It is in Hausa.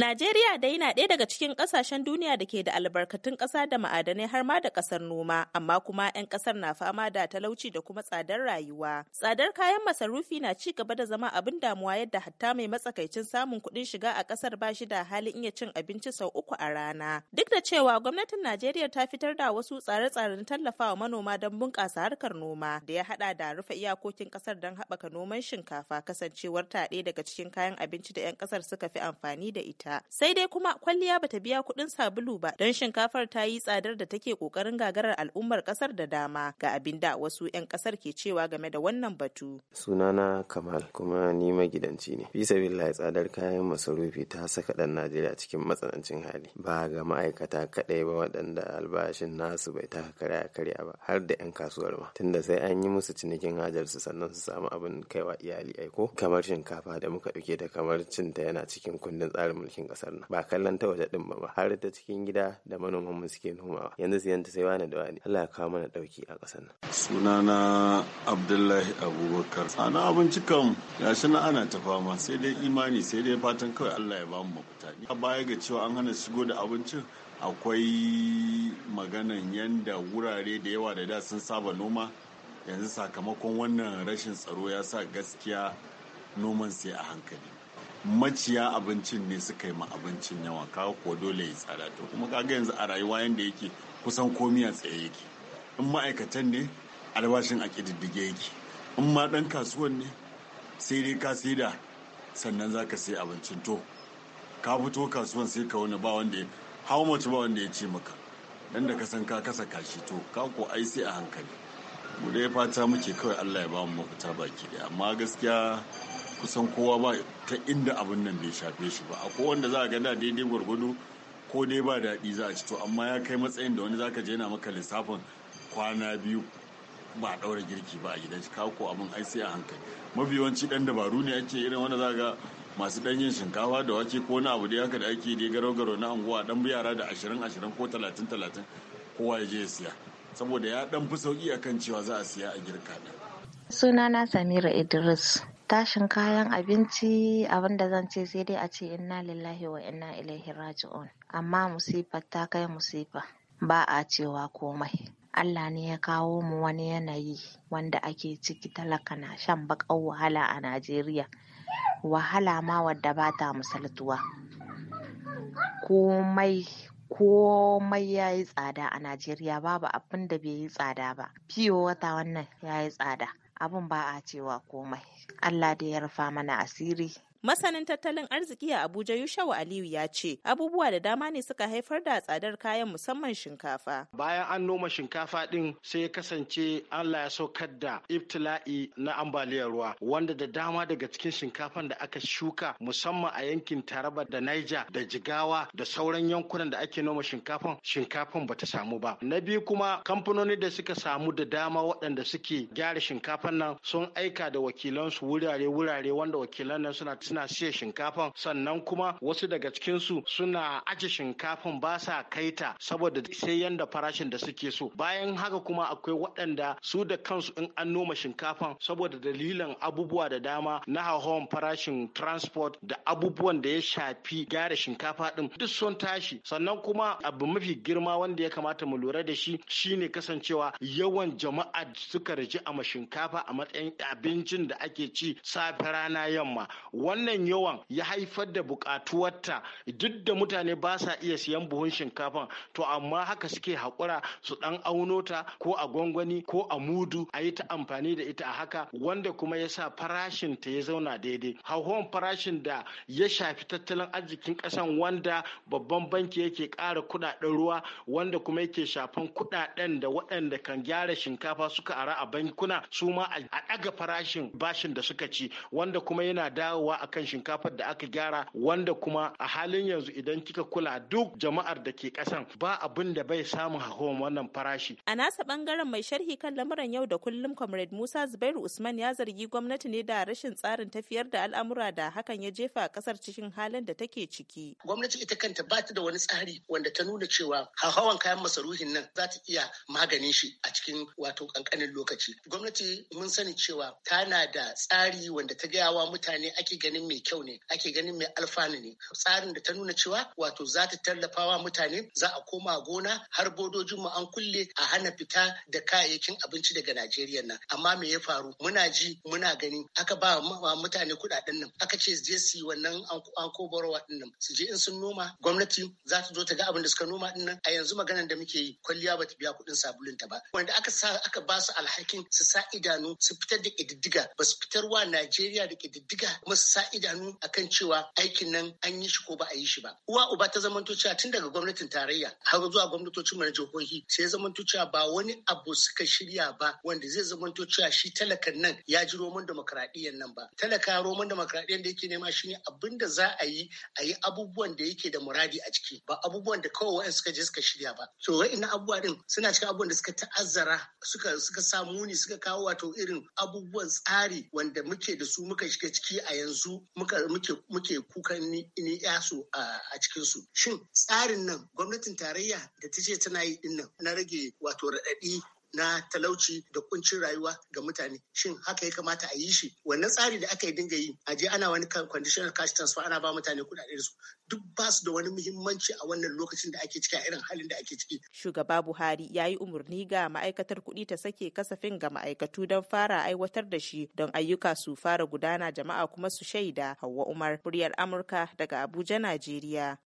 Najeriya dai na ɗaya daga cikin ƙasashen duniya da ke da albarkatun ƙasa da ma'adanai har ma da ƙasar noma, amma kuma 'yan ƙasar na fama da talauci da kuma tsadar rayuwa. Tsadar kayan masarufi na ci gaba da zama abin damuwa yadda hatta mai matsakaicin samun kuɗin shiga a ƙasar ba shi da halin iya cin abinci sau uku a rana. Duk da cewa gwamnatin Najeriya ta fitar da wasu tsare-tsaren tallafawa manoma don bunƙasa harkar noma da ya haɗa da rufe iyakokin ƙasar don haɓaka noman shinkafa kasancewar ta ɗaya daga cikin kayan abinci da 'yan ƙasar suka fi amfani da ita. ta. Sai dai kuma kwalliya bata biya kuɗin sabulu ba don shinkafar ta yi tsadar da take ƙoƙarin gagarar al'ummar ƙasar da dama ga abin da wasu 'yan ƙasar ke cewa game da wannan batu. Sunana Kamal kuma ni magidanci ne. Bisa billahi tsadar kayan masarufi ta saka ɗan Najeriya cikin matsanancin hali. Ba ga ma'aikata kaɗai ba waɗanda albashin nasu bai taka karya karya ba har da 'yan kasuwar ma. Tunda sai an yi musu cinikin hajar su sannan su samu abin kaiwa iyali aiko. Kamar shinkafa da muka ɗauke da kamar cinta yana cikin kundin tsarin mulki cikin kasar nan ba kallon ta waje din ba har ta cikin gida da manoman mu suke nomawa yanzu siyan ta sai wani da wani Allah ya kawo mana dauki a kasar nan sunana Abdullahi Abubakar sana abinci kam na ana ta fama sai dai imani sai dai fatan kawai Allah ya bamu mafita a baya ga cewa an hana shigo da abincin akwai maganan yanda wurare da yawa da da sun saba noma yanzu sakamakon wannan rashin tsaro ya sa gaskiya noman sai a hankali maciya abincin ne suka yi ma abincin yawa kawo ko dole ya tsada to kuma kaga yanzu a rayuwa yanda yake kusan komi a tsaye yake in ma'aikatan ne albashin a kididdige yake in ma 'dan kasuwan ne sai dai ka saida sannan za ka sai abincin to ka fito kasuwan sai ka wani ba wanda ya much ba wanda ya ce maka dan da ka san ka kasa kashi to ka ko ai sai a hankali mu dai fata muke kawai Allah ya ba mu mafita baki daya amma gaskiya kusan kowa ba ta inda abin nan bai shafe shi ba akwai wanda za a ga da daidai gwargwado ko dai ba daɗi za a ci to amma ya kai matsayin da wani za ka je yana maka lissafin kwana biyu ba ɗaura girki ba a gidan shi ko abin ai sai a hankali mafi yawanci ɗan dabaru ne ake irin wanda za ga masu ɗan yin shinkafa da wake ko wani abu da haka da ake dai garau garau na anguwa ɗan yara da ashirin ashirin ko talatin talatin kowa ya je ya siya saboda ya ɗan fi sauƙi akan cewa za a siya a girka ɗin. sunana samira idris tashin kayan abinci abin da zan ce sai dai a ce inna lillahi wa inna ilaihi raji'un amma musifa ta kai musifa ba a cewa komai Allah ne ya kawo mu wani yanayi wanda ake ciki talaka na shan baƙar wahala a Najeriya wahala ma wadda ba ta misaltuwa komai komai ya yi tsada a Najeriya babu abin da bai yi tsada ba fiye wata wannan ya yi tsada abun ba a cewa komai Allah da ya rufa mana asiri Masanin tattalin arziki a Abuja Yushawu Aliyu ya ce abubuwa da dama ne suka haifar da tsadar kayan musamman shinkafa. Bayan an noma shinkafa din sai ya kasance Allah ya saukar da iftila'i na ambaliyar ruwa wanda da dama daga cikin shinkafan da aka shuka musamman a yankin Taraba da Niger da Jigawa da sauran yankunan da ake noma shinkafan shinkafan bata samu ba. Na biyu kuma kamfanoni da suka samu da dama waɗanda suke gyara shinkafan nan sun aika da wakilansu wurare-wurare wanda wakilan nan suna suna siya shinkafan sannan kuma wasu daga cikinsu suna aje shinkafan ba sa kaita saboda sai yanda farashin da suke so bayan haka kuma akwai waɗanda su da kansu in an noma shinkafan saboda dalilan abubuwa da dama na hauhawan farashin transport da abubuwan da ya shafi gyara shinkafa din duk sun tashi sannan kuma abu mafi girma wanda ya kamata mu lura da shi shine kasancewa yawan jama'a suka riji a shinkafa a matsayin abincin da ake ci safe rana yamma wannan yawan ya haifar da bukatuwarta duk da mutane ba sa iya siyan buhun shinkafa to amma haka suke haƙura su ɗan auno ta ko a gwangwani ko a mudu a yi ta amfani da ita a haka wanda kuma ya sa farashin ta ya zauna daidai hauhawan farashin da ya shafi tattalin arzikin ƙasan wanda babban banki yake ƙara kuɗaɗen ruwa wanda kuma yake shafan kuɗaɗen da waɗanda kan gyara shinkafa suka ara a bankuna su ma a ɗaga farashin bashin da suka ci wanda kuma yana dawowa a akan shinkafar da aka gyara wanda kuma a halin yanzu idan kika kula duk jama'ar da ke kasan ba abin da bai samu hawan wannan farashi. A nasa bangaren mai sharhi kan lamuran yau da kullum Comrade Musa Zubairu Usman ya zargi gwamnati ne da rashin tsarin tafiyar da al'amura da hakan ya jefa kasar cikin halin da take ciki. Gwamnati ita kanta ba ta da wani tsari wanda ta nuna cewa hawan kayan masaruhin nan za ta iya maganin shi a cikin wato kankanin lokaci. Gwamnati mun sani cewa tana da tsari wanda ta gaya wa mutane ake ganin ganin mai kyau ne ake ganin mai alfanu ne tsarin da ta nuna cewa wato za ta tallafawa mutane za a koma gona har bodojinmu an kulle a hana fita da kayayyakin abinci daga Najeriya nan amma me ya faru muna ji muna gani aka ba wa mutane kuɗaɗen nan aka ce je su yi wannan an kobarwa ɗin nan su je in sun noma gwamnati za ta zo ta ga abin da suka noma dinnan nan a yanzu maganar da muke yi kwalliya ba ta biya kuɗin sabulun ta ba wanda aka sa aka ba su alhakin su sa idanu su fitar da kididdiga ba su fitar wa Najeriya da kididdiga kuma su sa idanu akan cewa aikin nan an yi shi ko ba a yi shi ba uwa uba ta zamanto cewa tun daga gwamnatin tarayya har zuwa gwamnatocin mana na jihohi sai zamanto cewa ba wani abu suka shirya ba wanda zai zamanto cewa shi talakan nan ya ji roman demokradiyyar nan ba talaka roman demokradiyyar da yake nema ne abin da za a yi a yi abubuwan da yake da muradi a ciki ba abubuwan da kawai wa'in suka je suka shirya ba to wa'in abubuwa din suna cikin abubuwan da suka ta'azzara suka suka samu ni suka kawo wato irin abubuwan tsari wanda muke da su muka shiga ciki a yanzu su muke kukan ni su a su Shin tsarin nan gwamnatin tarayya da ta ce tana yi dinnan na rage wato raɗaɗi na talauci da kuncin rayuwa ga mutane shin haka ya kamata a yi shi wannan tsari da aka yi dinga yi a je ana wani conditional cash transfer ana ba mutane kuɗaɗe su duk ba su da wani muhimmanci a wannan lokacin da ake ciki a irin halin da ake ciki shugaba Buhari ya yi umarni ga ma'aikatar kuɗi ta sake kasafin ga ma'aikatu don fara aiwatar da shi don ayyuka su fara gudana jama'a kuma su shaida Hauwa Umar muryar Amurka daga Abuja Najeriya